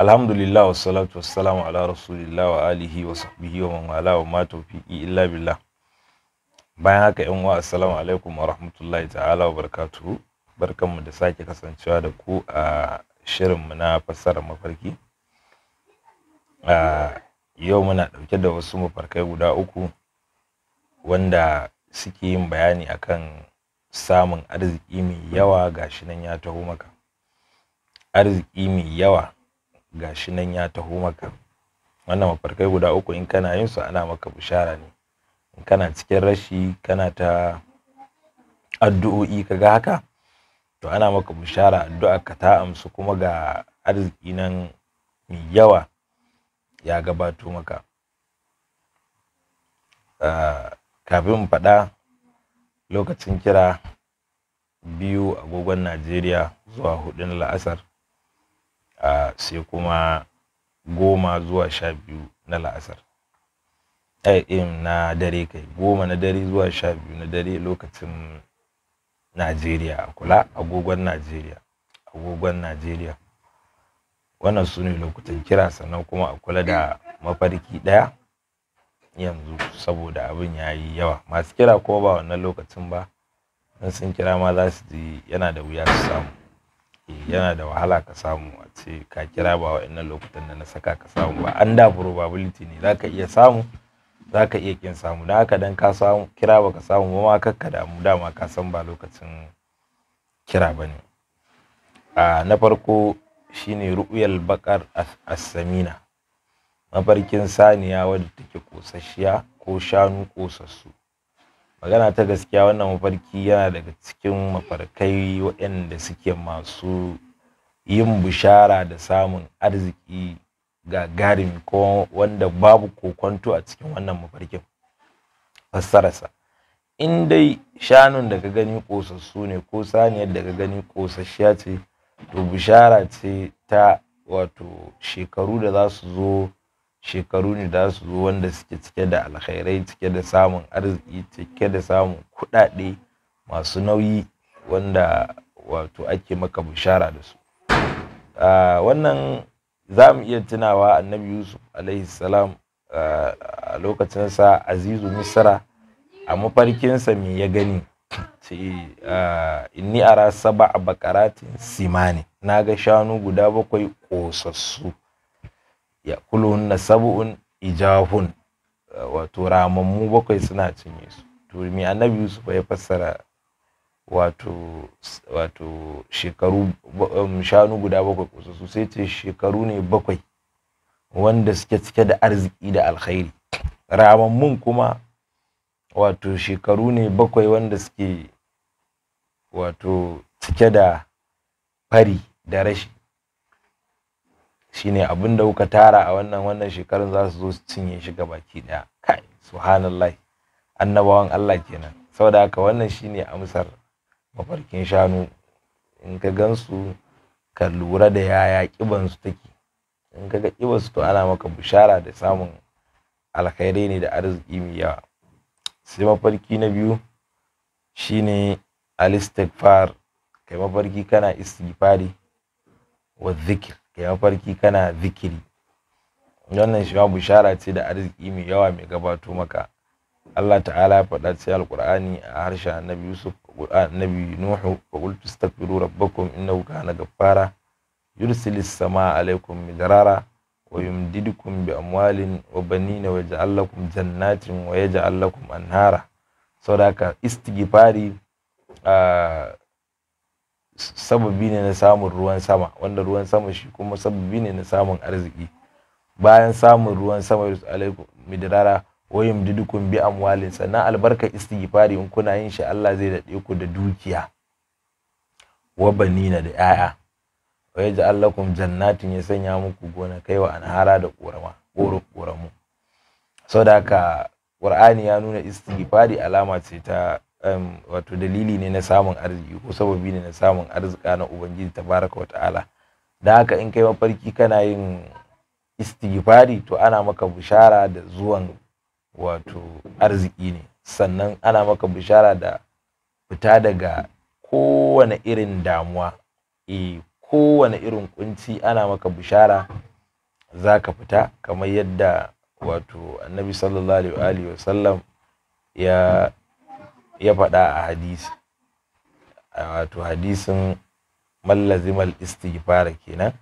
alhamdulillah wa salamu ala rasulillah wa alihi wa sahbihi wa man wala wa ma tawfiqi illa billah bayan haka yan uwa assalamu alaikum wa rahmatullahi ta'ala wa barakatuhu barkanmu da sake kasancewa da ku a shirin mu na fassarar mafarki a yau muna dauke da wasu mafarkai guda uku wanda suke yin bayani akan samun arziki mai yawa gashi nan ya taho maka arziki mai yawa gashi nan ya taho maka wannan mafarkai guda uku in kana yin su ana maka bishara ne in kana cikin rashi kana ta addu'o'i kaga haka to ana maka bishara addu'a ka ta amsu kuma ga arziki nan mai yawa ya gabato maka ah, kafin faɗa lokacin kira biyu agogon najeriya zuwa hudu la'asar sai kuma goma zuwa sha biyu na la'asar im na dare kai goma na dare zuwa sha biyu na dare lokacin najeriya a kula agogon najeriya agogon najeriya wannan su ne lokutan kira sannan kuma a kula da mafarki ɗaya yanzu saboda abin ya yi yawa masu kira ko ba wannan lokacin ba in sun kira ma za su ji yana da wuya su samu yana da wahala ka samu a ce ka kira ba waɗannan lokutan da na saka ka samu ba an da probability ne za ka iya samu za ka iya kin samu da haka dan ka samu kira ba ka samu ba ma mu damu dama ka san ba lokacin kira ba ne na farko shine ru'uyal bakar as-samina mafarkin saniya wadda take kosasshiya ko shanu kosassu magana ta gaskiya wannan mafarki yana daga cikin mafarkai waɗanda suke masu yin bishara da samun arziki garin ko wanda babu kokonto a cikin wannan mafarkin fassararsa in dai shanun daga gani ƙosassu ne ko saniyar daga gani gani ƙosasshiya ce to bishara ce ta wato shekaru da za su zo shekaru ne da su zo wanda suke cike da alkhairai cike da samun arziki cike da samun kuɗaɗe masu nauyi wanda wato ake maka bishara da su wannan za mu iya tunawa annabi yusuf alaihi salam a lokacinsa azizu misra a mafarkinsa me ya gani ce inni ara saba a bakaratin simani na ga shanu guda bakwai ƙosassu ya Nasabun sabu'un ijahun wato ramammu bakwai suna cinye su to me annabi yusuf ya fassara wato shekaru um, shanu guda bakwai kusa su sai ce shekaru ne bakwai wanda suke cike da arziki da alkhairi ramammun kuma wato shekaru ne bakwai wanda suke wato cike da fari da rashi shine abin da kuka tara a wannan wannan shekarun za su zo su cinye shi baki daya kai subhanallah annabawan Allah kenan saboda haka wannan shine amsar mafarkin shanu in ka gansu ka lura da yaya kiban su take in ka ga kiban su to ana maka bishara da samun alkhairi ne da arziki mai yawa sai mafarki na biyu shine alistighfar kai mafarki kana istighfari wa zikir ya mafarki kana zikiri wannan shi ma bushara ce da arziki mai yawa mai gabato maka Allah ta'ala ya faɗa cikin alkur'ani a harshen annabi Yusuf annabi Nuhu wa qul tastaghfiru rabbakum innahu kana ghaffara yursilis samaa alaikum midrara wa yumdidukum bi amwalin wa banina wa yaj'al lakum jannatin wa yaj'al lakum anhara saboda haka istighfari ah, sababi ne na samun ruwan sama wanda ruwan sama shi kuma sababi ne na samun arziki bayan samun ruwan sama yusuf alaikum midrara wa yumdidukum bi amwalin sannan albarka istighfari in kuna yin shi Allah zai daɗe ku da dukiya wa banina da yaya wa yaj'al lakum jannatin ya sanya muku gona kai wa anhara da ƙoramu. koramu saboda haka qur'ani ya nuna istighfari alama ce ta wato dalili ne na samun arziki ko sababi ne na samun arzika na ubangiji tabaraka wa ta'ala da haka in kai mafarki kana yin istighfari to ana maka bishara da zuwan wato arziki ne sannan ana maka bishara da fita daga kowane irin damuwa e kowane irin kunci ana maka bishara za ka fita kamar yadda wato annabi sallallahu alaihi wa ya ya faɗa a hadisi wato hadisin mallazimal istighfara kenan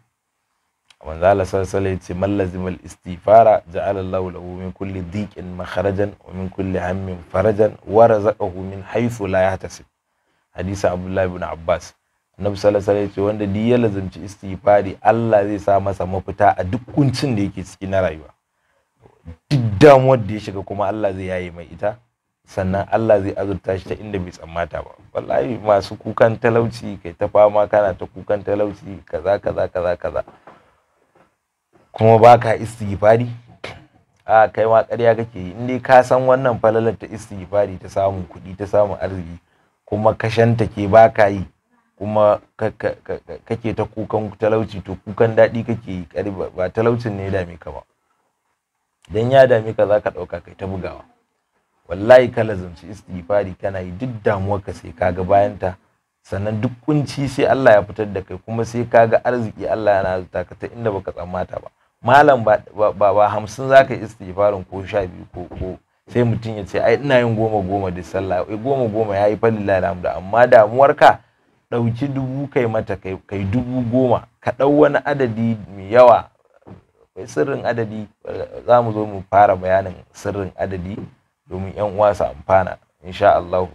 manzo Allah sallallahu alaihi wasallam mallazimal istighfara ja'ala Allahu lahu min kulli dhiqin makharajan wa min kulli hammin farajan wa razaqahu min haythu la yahtasib hadisi Abdullah ibn Abbas annabi sallallahu alaihi wasallam wanda duk ya lazimci istighfari Allah zai sa masa mafita a duk kuncin da yake ciki na rayuwa duk damuwar da ya shiga kuma Allah zai yaye mai ita sannan Allah zai azurta shi ta inda bai tsammata ba wallahi masu kukan talauci kai ta fama kana ta kukan talauci kaza kaza kaza kaza kuma baka istighfari a kai ma ƙarya kake yi indai ka san wannan falalar ta istighfari ta samun kuɗi ta samun arziki kuma kashan ke baka yi kuma kake ta kukan talauci to kukan daɗi kake yi ba talaucin ne ya dame ka ba dan ya dame ka za ka ɗauka kai ta bugawa wallahi ka lazumci istifari kana yi duk damuwar ka sai kaga bayanta sannan duk kunci sai Allah ya fitar da kai kuma sai kaga arziki Allah yana zuta ka ta inda baka tsammata ba malam ba ba hamsin zaka yi istifarin ko sha biyu ko ko sai mutum ya ce ai ina yin goma goma da sallah goma goma ya yi lillahi alhamdu amma damuwar ka ɗauki dubu kai mata kai dubu goma ka dau wani adadi mai yawa sirrin adadi za mu zo mu fara bayanin sirrin adadi domin yan uwa su amfana insha Allah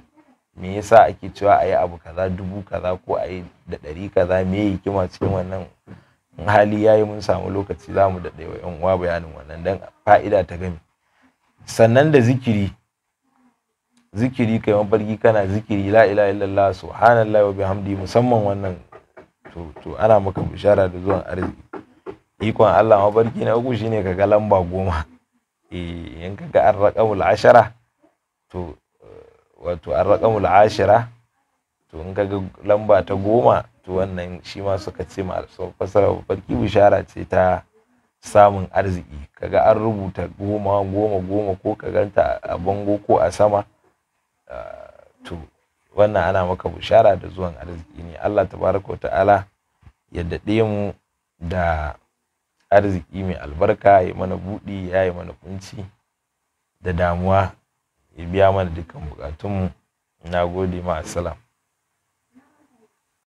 me yasa ake cewa a yi abu kaza dubu kaza ko ayi da ɗari kaza me yi kima cikin wannan hali yayi yi mun samu lokaci zamu mu daɗe yan uwa bayanin wannan don fa'ida ta gami sannan da zikiri zikiri kai mafarki kana zikiri la ilaha illallah subhanallahi wa bihamdi musamman wannan to to ana maka bishara da zuwan arziki ikon Allah mafarki na uku shine kaga lamba goma Eh, in ka arraƙamul ashara to eh, wato arraƙamul ashira to in lamba ta goma to wannan shi ma suka ce ma fasara farki bishara ce ta samun arziki kaga an rubuta goma goma goma ko ka ganta a bango ko a sama eh, to wannan ana maka bishara da zuwan arziki ne Allah tabaraka wa ta'ala ya daɗe mu da arziki mai albarka ya mana buɗi ya yi mana kunci da damuwa ya biya mana dukkan bukatunmu na gode ma assalam